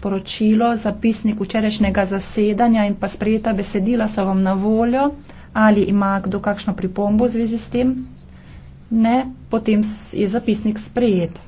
poročilo, zapisnik včerajšnjega zasedanja in pa sprejeta besedila so vam na voljo. Ali ima kdo kakšno pripombo v zvezi s tem? Ne, potem je zapisnik sprejet.